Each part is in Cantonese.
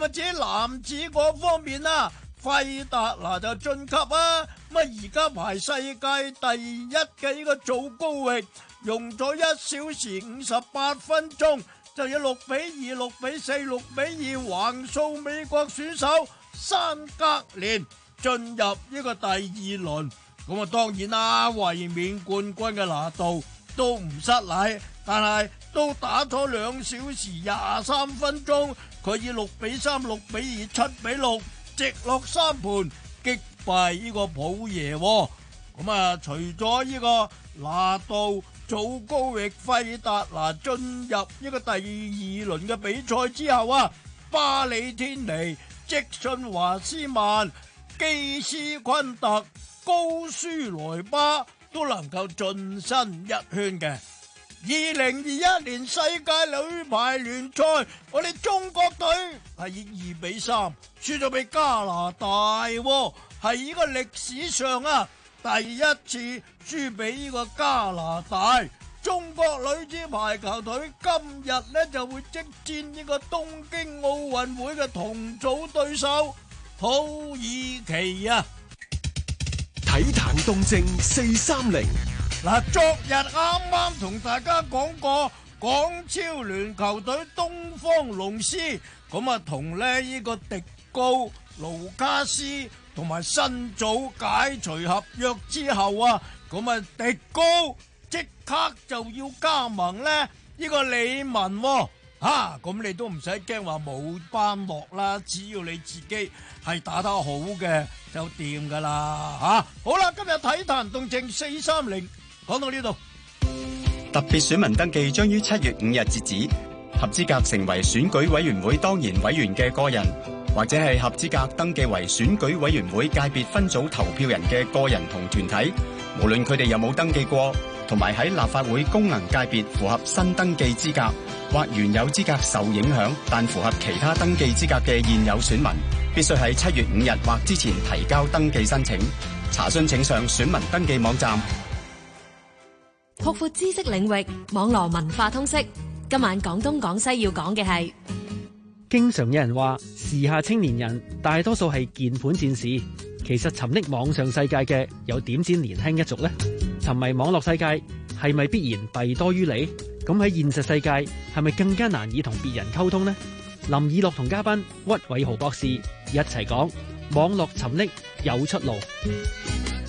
或者男子嗰方面啦，費達拿就晉級啊！乜而家排世界第一嘅呢個祖高域，用咗一小時五十八分鐘，就有六比二、六比四、六比二橫掃美國選手山格連，進入呢個第二輪。咁啊，當然啦，衛冕冠軍嘅拿度都唔失禮，但係都打咗兩小時廿三分鐘。佢以六比, 3, 6比, 2，比 6, 三、六比二、七比六，直落三盤擊敗呢個普爺、哦。咁啊，除咗呢、這個拿度、祖高域費達拿進入呢個第二輪嘅比賽之後啊，巴里天尼、積信華斯曼、基斯昆特、高舒萊巴都能夠晉身一圈嘅。二零二一年世界女排聯賽，我哋中國隊係以二比三輸咗俾加拿大，係呢個歷史上啊第一次輸俾呢個加拿大。中國女子排球隊今日呢就會激戰呢個東京奧運會嘅同組對手土耳其啊！體壇動靜四三零。嗱，昨日啱啱同大家講過港超聯球隊東方龍獅，咁啊同咧呢個迪高盧卡斯同埋新組解除合約之後啊，咁啊迪高即刻就要加盟咧呢，呢個李文。哦、吓、啊、咁你都唔使驚話冇班落啦，只要你自己係打得好嘅就掂噶啦吓。好啦，今日體壇動靜四三零。講到呢度，特別選民登記將於七月五日截止。合資格成為選舉委員會當然委員嘅個人，或者係合資格登記為選舉委員會界別分組投票人嘅個人同團體，無論佢哋有冇登記過，同埋喺立法會功能界別符合新登記資格或原有資格受影響，但符合其他登記資格嘅現有選民，必須喺七月五日或之前提交登記申請。查詢請上選民登記網站。擴闊知識領域，網絡文化通識。今晚廣東廣西要講嘅係，經常有人話時下青年人大多數係鍵盤戰士，其實沉溺網上世界嘅有何止年輕一族呢？沉迷網絡世界係咪必然弊多於利？咁喺現實世界係咪更加難以同別人溝通呢？林以樂同嘉賓屈偉豪博，博士一齊講，網絡沉溺有出路。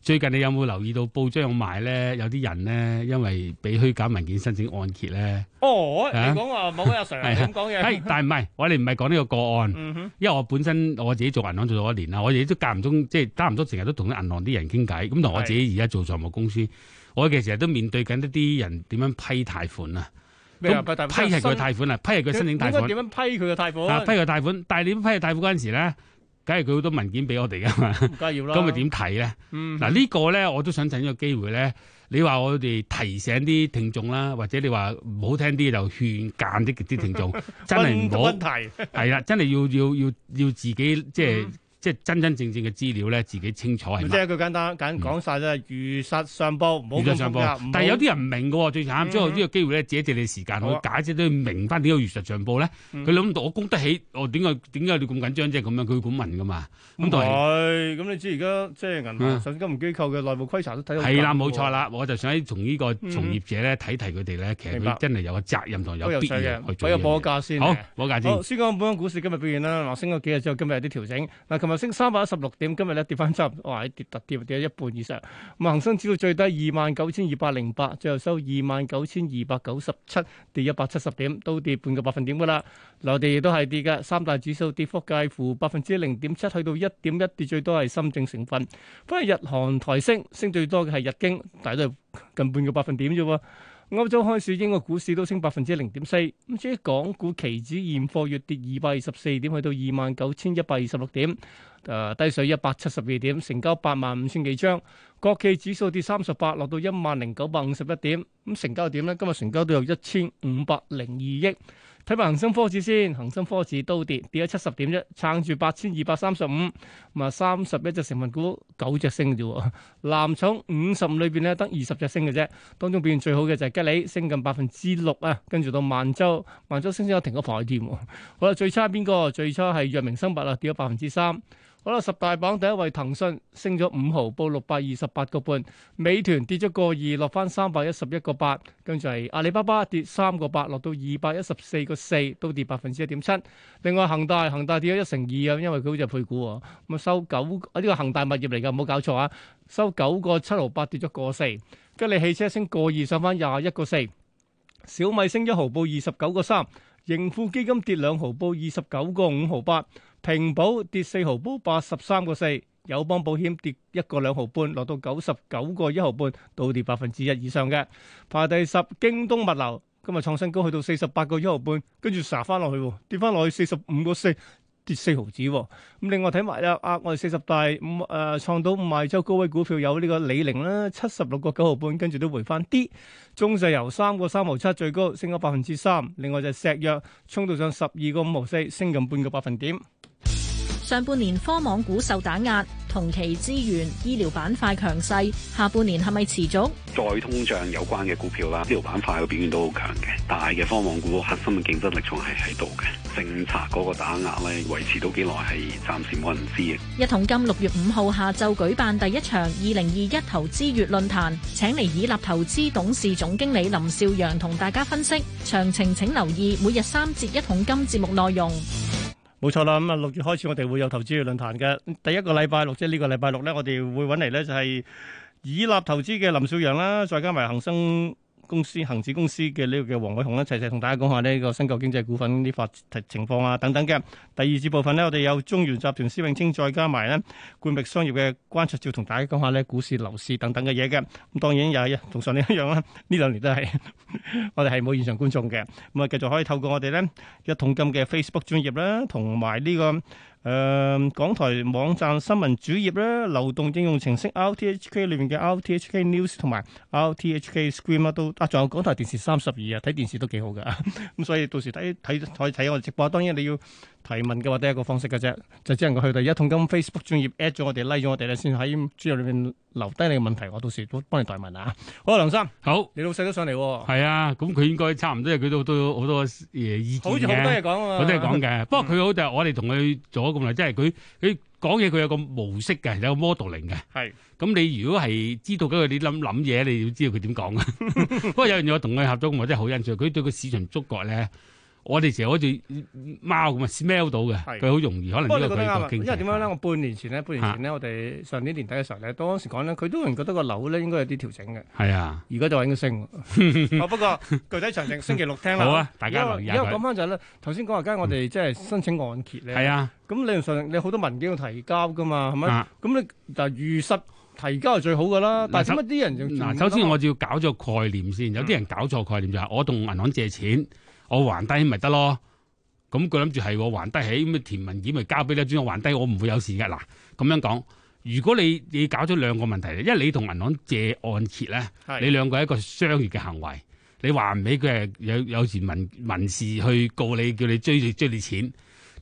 最近你有冇留意到報章賣咧？有啲人咧，因為俾虛假文件申請按揭咧。哦，你講啊，冇阿 Sir 咁講嘢。但係唔係，我哋唔係講呢個個案。嗯、哼因為我本身我自己做銀行做咗一年啦，我亦都間唔中即係差唔多成日都同啲銀行啲人傾偈。咁同我自己而家做財務公司，的我其實都面對緊一啲人點樣批貸款啊？批批係佢貸款啊？批係佢申請貸款點樣批佢嘅貸款？批佢貸款，但係你批佢貸款嗰陣時咧？梗係佢好多文件俾我哋噶嘛，咁咪點睇咧？嗱 呢、嗯啊呢個咧，我都想趁呢個機會咧，你話我哋提醒啲聽眾啦，或者你話唔好聽啲就勸諫啲啲聽眾， 真係唔好，提問題，係 啦，真係要要要要自己即係。就是嗯即係真真正正嘅資料咧，自己清楚係。即係佢簡單，簡單講曬啦，如實上報好如實上報，但係有啲人唔明嘅喎，最慘。之後呢個機會咧，借借你時間，我解釋都要明翻點樣如實上報咧。佢諗到我供得起，我點解點解你咁緊張啫？咁樣佢會咁問嘅嘛？唔會。咁你知而家即係銀行、甚至金融機構嘅內部稽查都睇到。係啦，冇錯啦，我就想從呢個從業者咧睇提佢哋咧，其實佢真係有個責任同有必須嘅。俾個報價先。好，報價先。先講本港股市今日表現啦，嗱，升咗幾日之後，今日有啲調整。話升三百一十六點，今日咧跌翻差唔多，跌突跌跌咗一半以上。咁恒生指數最低二萬九千二百零八，最後收二萬九千二百九十七，跌一百七十點，都跌半個百分點噶啦。內地亦都係跌嘅，三大指數跌幅介乎百分之零點七，去到一點一，跌最多係深證成分。不過日韓台升，升最多嘅係日經，大都係近半個百分點啫喎。歐洲開市，英國股市都升百分之零點四。至於港股期指現貨，月跌二百二十四點，去到二萬九千一百二十六點，誒，低水一百七十二點，成交八萬五千幾張。國企指數跌三十八，落到一萬零九百五十一點。咁成交點咧？今日成交都有一千五百零二億。睇埋恒生科指先，恒生科指都跌，跌咗七十點一，撐住八千二百三十五。咁啊，三十一隻成分股九隻升嘅啫。藍籌五十五裏邊咧，得二十隻升嘅啫。當中表現最好嘅就係吉利，升近百分之六啊。跟住到萬洲，萬洲升升下停咗台添。好啦，最差邊個？最差係藥明生物啊，跌咗百分之三。好啦，十大榜第一位，騰訊升咗五毫，報六百二十八個半。美團跌咗個二，落翻三百一十一個八。跟住係阿里巴巴跌三個八，落到二百一十四個四，都跌百分之一點七。另外，恒大恒大跌咗一成二啊，因為佢好似係配股喎。咁收九啊，呢個恒大物業嚟㗎，冇搞錯啊，收九個七毫八，跌咗個四。吉利汽車升個二，上翻廿一個四。小米升一毫，報二十九個三。盈富基金跌兩毫，報二十九個五毫八。平保跌四毫半，八十三個四；友邦保險跌一個兩毫半，落到九十九個一毫半，倒跌百分之一以上嘅。排第十，京東物流今日創新高，去到四十八個一毫半，跟住殺翻落去，跌翻落去四十五個四。跌四毫子。哦，咁另外睇埋啊，我哋四十大五誒，創、嗯呃、到五賣周高位股票有呢個李寧啦，七十六個九毫半，跟住都回翻啲。中石油三個三毫七，最高升咗百分之三。另外就係石藥沖到上十二個五毫四，升近半個百分點。上半年科網股受打壓，同期資源、醫療板塊強勢，下半年係咪持續？再通脹有關嘅股票啦，醫療板塊嘅表現都好強嘅，大嘅科網股核心嘅競爭力仲係喺度嘅。政策嗰個打壓咧，維持到幾耐係暫時冇人知嘅。一桶金六月五號下晝舉辦第一場二零二一投資月論壇，請嚟以立投資董事總經理林少陽同大家分析。詳情請留意每日三節一桶金節目內容。冇錯啦，咁啊六月開始我哋會有投資嘅論壇嘅，第一個禮拜六，即係呢個禮拜六咧，我哋會揾嚟咧就係以立投資嘅林少陽啦，再加埋恒生公司恒指公司嘅呢個嘅黃偉雄咧，齊齊同大家講下咧個新舊經濟股份啲發情況啊等等嘅。第二節部分咧，我哋有中原集團施永青再加埋咧冠碧商業嘅關卓照，同大家講下咧股市樓市等等嘅嘢嘅。咁當然又係同上年一樣啦，呢兩年都係我哋係冇現場觀眾嘅。咁啊，繼續可以透過我哋咧一桶金嘅 Facebook 專業啦，同埋呢個。誒、呃，港台網站新聞主頁啦，流動應用程式 RTHK 裏面嘅 RTHK News 同埋 RTHK Screen 啊，都啊仲有港台電視三十二啊，睇電視都幾好噶，咁所以到時睇睇可以睇我哋直播，當然你要提問嘅話，得一個方式嘅啫，就只能夠去到一桶金 Facebook 專頁 at 咗我哋，拉咗、mm hmm. like、我哋咧，先喺資料裏邊留低你嘅問題，我到時都幫你代問啊。好，梁生，好，你老細都上嚟。係啊，咁佢應該差唔多，佢都好好多誒意見嘅。好似好多嘢講啊，我都係講嘅。 不過佢好就係我哋同佢做咗咁耐，嗯、即係佢佢講嘢，佢有個模式嘅，有 modeling 嘅。係是。咁你如果係知道佢，你諗諗嘢，你要知道佢點講。 不過有樣嘢，我同佢合作咁耐，我真係好欣賞佢對個市場觸覺咧。我哋成日好似貓咁啊，smell 到嘅，佢好容易可能。不過覺得啱啊，因為點樣咧？我半年前咧，半年前咧，我哋上年年底嘅時候咧，當時講咧，佢都唔覺得個樓咧應該有啲調整嘅。係啊，而家就應該升。不過具體詳情星期六聽啦。好啊，大家留意下佢。因為講翻就係咧，頭先講話，而家我哋即係申請按揭咧。係啊，咁理論上你好多文件要提交噶嘛，係咪？咁你嗱預實提交係最好噶啦。但係點解啲人仲？嗱，首先我就要搞咗概念先，有啲人搞錯概念就係我同銀行借錢。我還低咪得咯，咁佢諗住係我還低，咁啊填文件咪交俾咧，只要我還低，我唔會有事嘅。嗱，咁樣講，如果你你搞咗兩個問題咧，因為你同銀行借按揭咧，你兩個係一個商業嘅行為，你還唔起佢係有有時民民事去告你，叫你追你追你錢。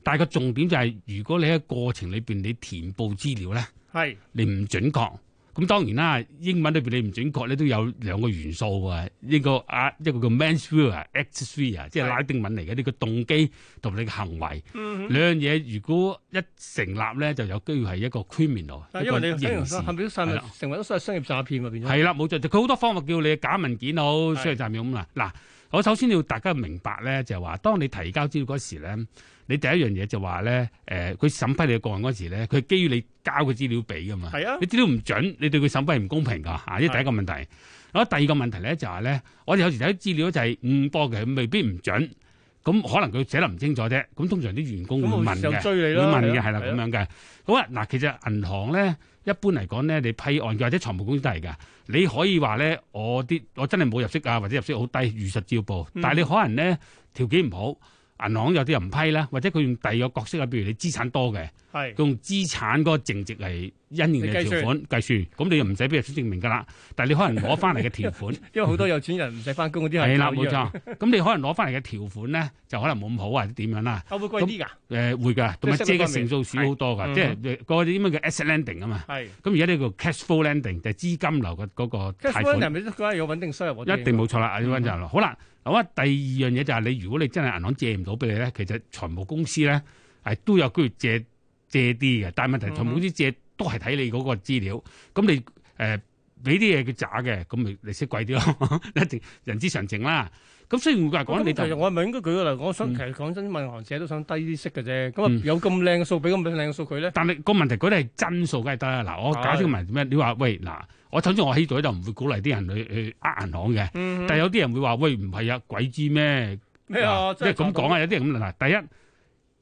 但係個重點就係、是，如果你喺過程裏邊你填報資料咧，係你唔準確。咁當然啦，英文裏邊你唔準確咧，都有兩個元素喎。呢個啊，一個叫 mens rea 啊 actus reus 啊，即係拉丁文嚟嘅。呢的個動機同你嘅行為、嗯、哼兩樣嘢，如果一成立咧，就有機會係一個 criminal 咯。但係因為你陳表信成為咗商業詐騙嗰邊，係啦冇錯，佢好多方法叫你假文件好商業詐騙咁啊。嗱的，我首先要大家明白咧，就係話，當你提交資料嗰時咧。你第一樣嘢就話咧，誒、呃，佢審批你個案嗰時咧，佢基於你交嘅資料俾噶嘛，啊、你資料唔準，你對佢審批係唔公平噶，啊，呢第一個問題。的第二個問題咧就係咧，我哋有時睇資料就係誤報嘅，未必唔準，咁可能佢寫得唔清楚啫。咁通常啲員工會問嘅，嗯、你問嘅，係啦，咁樣嘅。的好啊，嗱，其實銀行咧一般嚟講咧，你批案或者財務公司都係嘅。你可以話咧，我啲我真係冇入息啊，或者入息好低，如實照報，嗯、但係你可能咧條件唔好。銀行有啲人唔批啦，或者佢用第二個角色啊，比如你資產多嘅。係用資產嗰個淨值嚟一年嘅條款計算，咁你又唔使俾入息證明噶啦。但係你可能攞翻嚟嘅條款，因為好多有錢人唔使翻工嗰啲係啦，冇錯。咁你可能攞翻嚟嘅條款咧，就可能冇咁好或者點樣啦。會貴啲㗎？誒會㗎，同埋借嘅成數少好多㗎，即係個啲咩叫 asset lending 啊嘛。係。咁而家呢個 cash flow lending 就係資金流嘅嗰個貸款。係咪都覺得有穩定收入嗰啲？一定冇錯啦，阿李君就係啦。好啦，好啊。第二樣嘢就係你，如果你真係銀行借唔到俾你咧，其實財務公司咧係都有佢借。借啲嘅，但係問題，同好似借都係睇你嗰個資料。咁、嗯、哼你誒俾啲嘢佢渣嘅，咁、呃、咪利息貴啲咯？一定人之常情啦。咁雖然我話講你，啊、其實我係咪應該舉個例。我想、嗯、其實講真，銀行社都想低啲息嘅啫。咁啊，有咁靚嘅數俾咁靚嘅數據咧。但係、嗰個問題，嗰啲係真數梗係得啦。嗱，我解釋個問題咩？的你話喂嗱，我始先我喺度就唔會鼓勵啲人去去呃銀行嘅。嗯、哼但係有啲人會話喂，唔係啊，鬼知咩？咩啊？即係咁講啊，有啲人咁嗱，第一。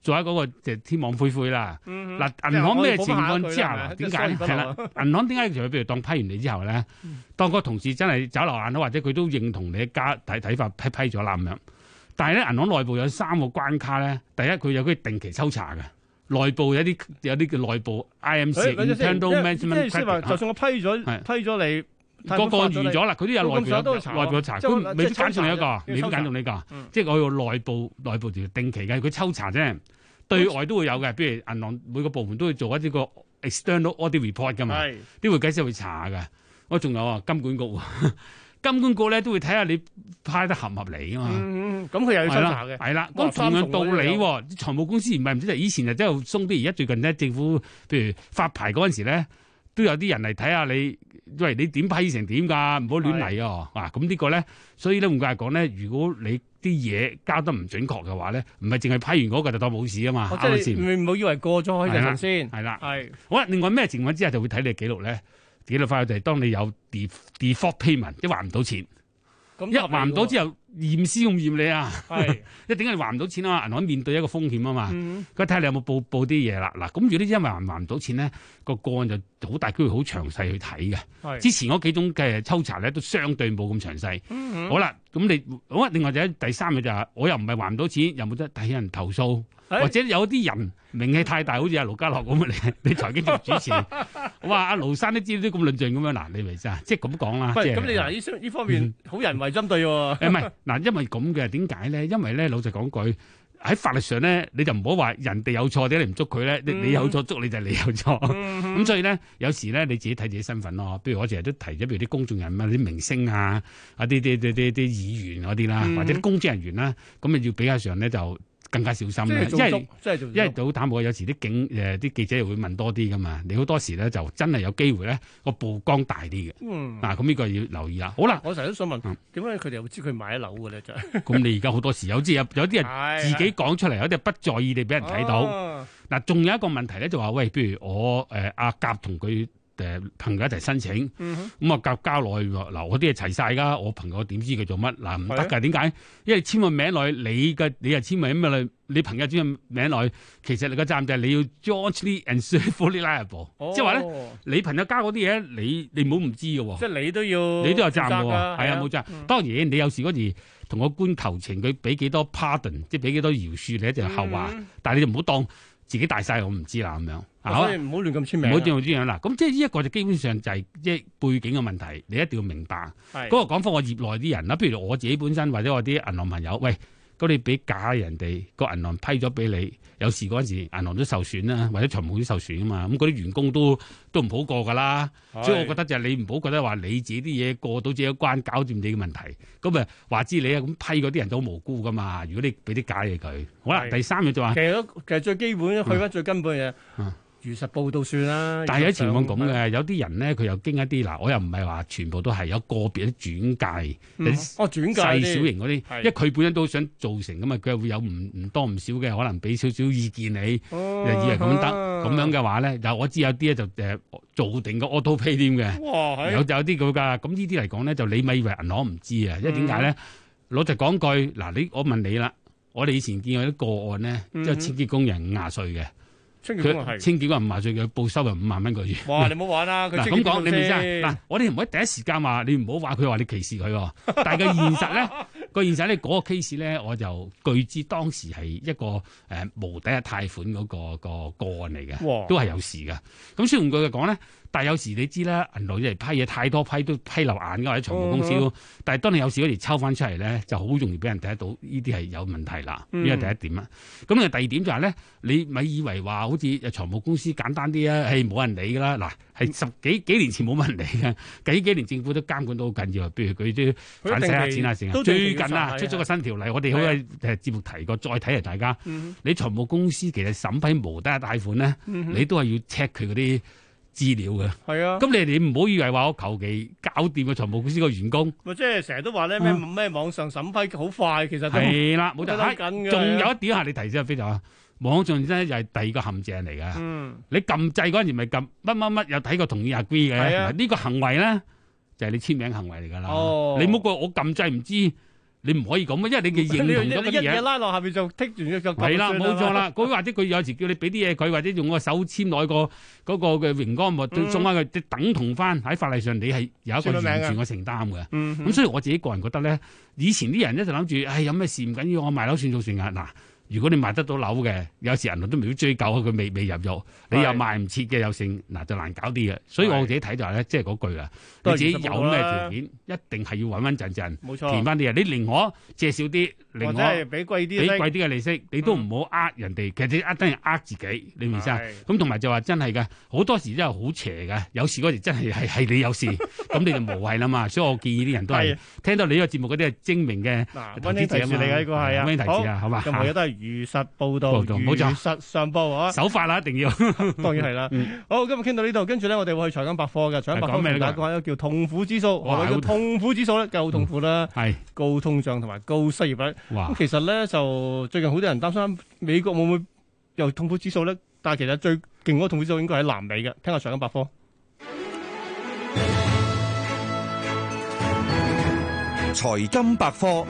做喺嗰個即係天網恢恢啦。嗱，銀行咩情況之下？點解？係啦，銀行點解？譬如當批完你之後咧，當個同事真係走漏眼啦，或者佢都認同你家睇睇法批批咗啦咁樣。但係咧，銀行內部有三個關卡咧。第一，佢有啲定期抽查嘅，內部有啲有啲叫內部 IMC。Candle Management 你聽到咩先？就算我批咗批咗你嗰個完咗啦，佢都有內部查，內部查。佢未必揀中你一個，未揀中你個。即係我用內部內部定期嘅，佢抽查啫。對外都會有嘅，譬如銀行每個部門都會做一啲個 external audit report 㗎嘛，都會計師會查嘅。我仲有啊，金管局，金管局咧都會睇下你派得合唔合理啊嘛。咁佢又要抽查嘅。係啦，咁同樣道理，財務公司唔係唔知就以前就真係鬆啲，而家最近咧政府譬如發牌嗰陣時咧，都有啲人嚟睇下你，喂，你點批成點㗎，唔好亂嚟哦。嗱是，咁、啊這個、呢個咧，所以咧換句話講咧，如果你。啲嘢交得唔準確嘅話咧，唔係淨係批完嗰個就當冇事啊嘛，啱唔啱先？唔好以為過咗可以先，係啦、啊，係、啊。係好啦，另外咩情況之下就會睇你記錄咧？記錄翻就係當你有 default payment，即係還唔到錢。咁一還唔到之後，驗屍咁驗你啊？係是，即係點解你還唔到錢啊？銀行面對一個風險啊嘛，佢睇、嗯、哼你有冇報報啲嘢啦。嗱，咁如果呢啲因為還唔還唔到錢咧，個個案就好大機會好詳細去睇嘅。是之前嗰幾種嘅抽查咧，都相對冇咁詳細。好啦，咁你好啊。另外就第三個就係，我又唔係還唔到錢，又冇得睇人投訴。或者有啲人名氣太大，好似阿盧家樂咁，你你財經節目主持，哇、 啊！阿盧生都資料都咁論盡咁樣嗱，你咪即係咁講啦。咁你嗱呢呢方面好人為針對喎、啊。唔係嗱，因為咁嘅點解咧？因為咧，老實講句，喺法律上咧，你就唔好話人哋有錯，點解你唔捉佢咧？你有錯捉，你就你有錯。咁、嗯嗯嗯、所以咧，有時咧，你自己睇自己身份咯。譬如我成日都提咗，譬如啲公眾人啊，啲明星啊，一啲啲啲啲議員嗰啲啦，嗯、或者公職人員啦，咁啊要比較上咧就。更加小心嘅，因為因為就好坦白，有時啲警誒啲、呃、記者會問多啲㗎嘛，你好多時咧就真係有機會咧個曝光大啲嘅。嗯，嗱、啊，咁呢個要留意啦。好啦，我成日都想問點解佢哋會知佢買咗樓嘅咧就。咁 你而家好多時有啲有有啲人自己講出嚟，有啲人不在意地俾人睇到。嗱、哎呀，仲有一個問題咧，就話喂，譬如我誒阿、呃、甲同佢。誒，朋友一齊申請，咁啊、嗯、哼交交落去。嗱，我啲嘢齊晒噶，我朋友點知佢做乜？嗱、啊，唔得噶，點解、啊？因為簽個名落去，你嘅你又簽埋名落去，你朋友簽個名落去，其實你嘅責任就係你要 jointly and severally liable，即係話、哦、咧，你朋友交嗰啲嘢，你你唔好唔知嘅。即係你都要，你都、哦、有責任㗎，係啊冇錯。當然你有事嗰時同個官求情，佢俾幾多 pardon，即係俾幾多饒恕你一定係後話，嗯、但係你就唔好當。自己大晒我唔知啦，咁、哦、樣，嚇、哦，所以唔好亂咁簽名，唔好點樣點樣啦。咁即係呢一個就基本上就係、是、即、就是、背景嘅問題，你一定要明白。嗰是個講返，我業內啲人啦，譬如我自己本身，或者我啲銀行朋友，喂。咁你俾假人哋，個銀行批咗俾你，有事嗰陣時，銀行都受損啦，或者財務都受損噶嘛，咁嗰啲員工都都唔好過噶啦，是所以我覺得就係你唔好覺得話你自己啲嘢過到自己一關，搞掂你嘅問題，咁啊話知你啊咁批嗰啲人都好無辜噶嘛，如果你俾啲假嘢，佢，好啦，是第三個就話其實都其實最基本去翻最根本嘅嘢。嗯嗯如實報都算啦，但係有啲情況咁嘅，是有啲人咧佢又經一啲嗱，我又唔係話全部都係，有個別啲轉介，細小,小型嗰啲，嗯啊、因為佢本身都想造成咁啊，佢是又會有唔唔多唔少嘅，可能俾少少意見你，又、啊、以為咁得咁樣嘅、啊、話咧，就我知有啲咧就誒做定個 auto pay 添嘅，有有啲咁噶，咁呢啲嚟講咧就你咪以為銀行唔知啊？因、嗯、為點解咧老實講句，嗱？你我問你啦，我哋以前見過啲個案咧，即係設置工人壓碎嘅。嗯佢清幾個人麻醉嘅，報收入五萬蚊個月。哇！你唔好玩啦，佢咁講，你明唔明意思啊？嗱，我哋唔可以第一時間話，你唔好話佢話你歧視佢，但係個現實咧。 個現實咧，嗰、嗰個 case 呢，我就據知當時係一個、呃、無抵押貸款嗰、嗰個、嗰個個案嚟嘅，都係有事㗎。咁雖然佢講呢，但係有時你知啦，銀行啲批嘢太多批都批漏眼㗎嘛，喺財務公司。哦哦、但係當你有事嗰時抽返出嚟呢，就好容易俾人睇得到，呢啲係有問題啦。呢個、嗯、第一點啊，咁啊第二點就係呢，你咪以為話好似財務公司簡單啲呀，係冇人理㗎啦。嗱，係十幾幾年前冇人理嘅，幾幾年政府都監管都好緊要啊，譬如佢啲反洗黑錢啊，成啊。出咗個新條例，我哋好嘅節目提過，再睇下大家。你財務公司其實審批無抵押貸款咧，你都係要 check 佢嗰啲資料嘅。係啊，咁你你唔好以為話我求其搞掂個財務公司個員工。咪即係成日都話咧咩咩網上審批好快，其實係啦，冇得睇緊。仲有一點係你提醒非常啊，網上真係係第二個陷阱嚟㗎。你撳制，嗰陣時咪撳乜乜乜，又睇個同意阿 g r e e 嘅。呢個行為咧就係你簽名行為嚟噶啦。你冇好我撳制唔知。你唔可以咁啊，因為你嘅認同咁嘅嘢。你一嘢拉落下面就剔住嘅就係啦，冇錯啦。 或者佢有時叫你俾啲嘢佢，或者用個手籤攞個嗰個嘅榮光物，嗯、送翻佢即等同翻喺法例上，你係有一個完全嘅承擔嘅。咁、嗯、哼所以我自己個人覺得咧，以前啲人咧就諗住，唉，有咩事唔緊要，我賣樓算做算嘅嗱。如果你賣得到樓嘅，有時人都唔會追究佢，未未入獄，你又賣唔切嘅有剩，嗱就難搞啲嘅。所以我自己睇就話咧，即係嗰句啊，你自己有咩條件，一定係要穩穩陣陣，填翻啲嘢。你寧可借少啲，寧可俾貴啲，俾貴啲嘅利息，你都唔好呃人哋。其實你呃等於呃自己，你明唔明啊？咁同埋就話真係嘅，好多時真係好邪嘅。有事嗰時真係係係你有事，咁你就無謂啦嘛。所以我建議啲人都係聽到你呢個節目嗰啲係精明嘅嗱，温馨提示你嘅呢個係啊，好，今如實報道，如實上報走啊！手法啦，一定要， 當然係啦。嗯、好，今日傾到呢度，跟住咧，我哋會去財金百科嘅財金百科講咩咧？講一、這個叫痛苦指數，哇痛苦指數咧？夠痛苦啦，係高通脹同埋高失業率。咁哇其實咧，就最近好多人擔心美國會唔會有痛苦指數咧？但係其實最勁嗰個痛苦指數應該喺南美嘅，聽下財金百科。財金百科。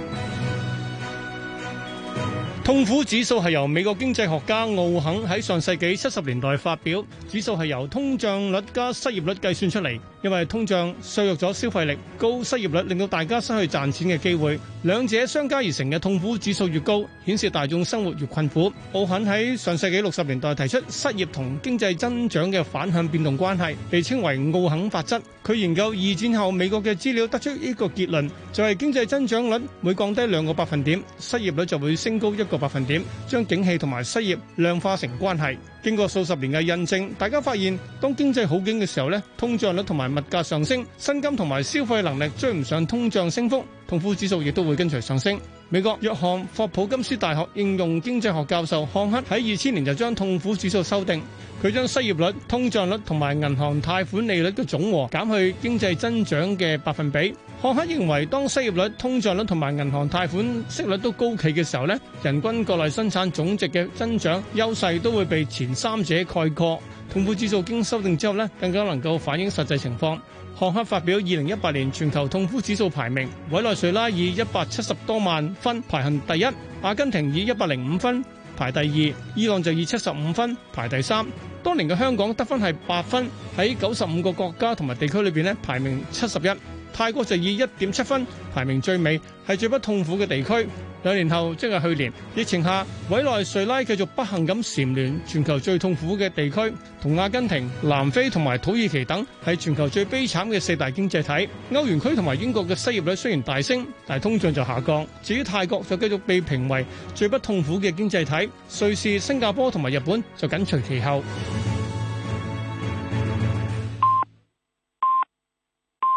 痛苦指數係由美國經濟學家奧肯喺上世紀七十年代發表，指數係由通脹率加失業率計算出嚟。因為通脹削弱咗消費力，高失業率令到大家失去賺錢嘅機會，兩者相加而成嘅痛苦指數越高，顯示大眾生活越困苦。奧肯喺上世紀六十年代提出失業同經濟增長嘅反向變動關係，被稱為奧肯法則。佢研究二戰後美國嘅資料，得出一個結論，就係經濟增長率每降低兩個百分點，失業率就會升高一個百分點，將景氣同埋失業量化成關係，經過數十年嘅印證，大家發現當經濟好景嘅時候呢，通脹率同埋物價上升，薪金同埋消費能力追唔上通脹升幅，痛苦指數亦都會跟隨上升。美國約翰霍普金斯大學應用經濟學教授漢克喺二千年就將痛苦指數修訂，佢將失業率、通脹率同埋銀行貸款利率嘅總和減去經濟增長嘅百分比。漢克認為，當失業率、通脹率同埋銀行貸款息率都高企嘅時候呢，人均國內生產總值嘅增長優勢都會被前三者概括。痛苦指數經修訂之後呢，更加能夠反映實際情況。漢克發表二零一八年全球痛苦指數排名，委內瑞拉以一百七十多萬分排行第一，阿根廷以一百零五分排第二，伊朗就以七十五分排第三。當年嘅香港得分係八分，喺九十五個國家同埋地區裏面排名七十一。泰國就以一點七分排名最尾，係最不痛苦嘅地區。兩年後，即係去年疫情下，委內瑞拉繼續不幸咁蟬聯全球最痛苦嘅地區，同阿根廷、南非同埋土耳其等係全球最悲慘嘅四大經濟體。歐元區同埋英國嘅失業率雖然大升，但係通脹就下降。至於泰國就繼續被評為最不痛苦嘅經濟體，瑞士、新加坡同埋日本就緊隨其後。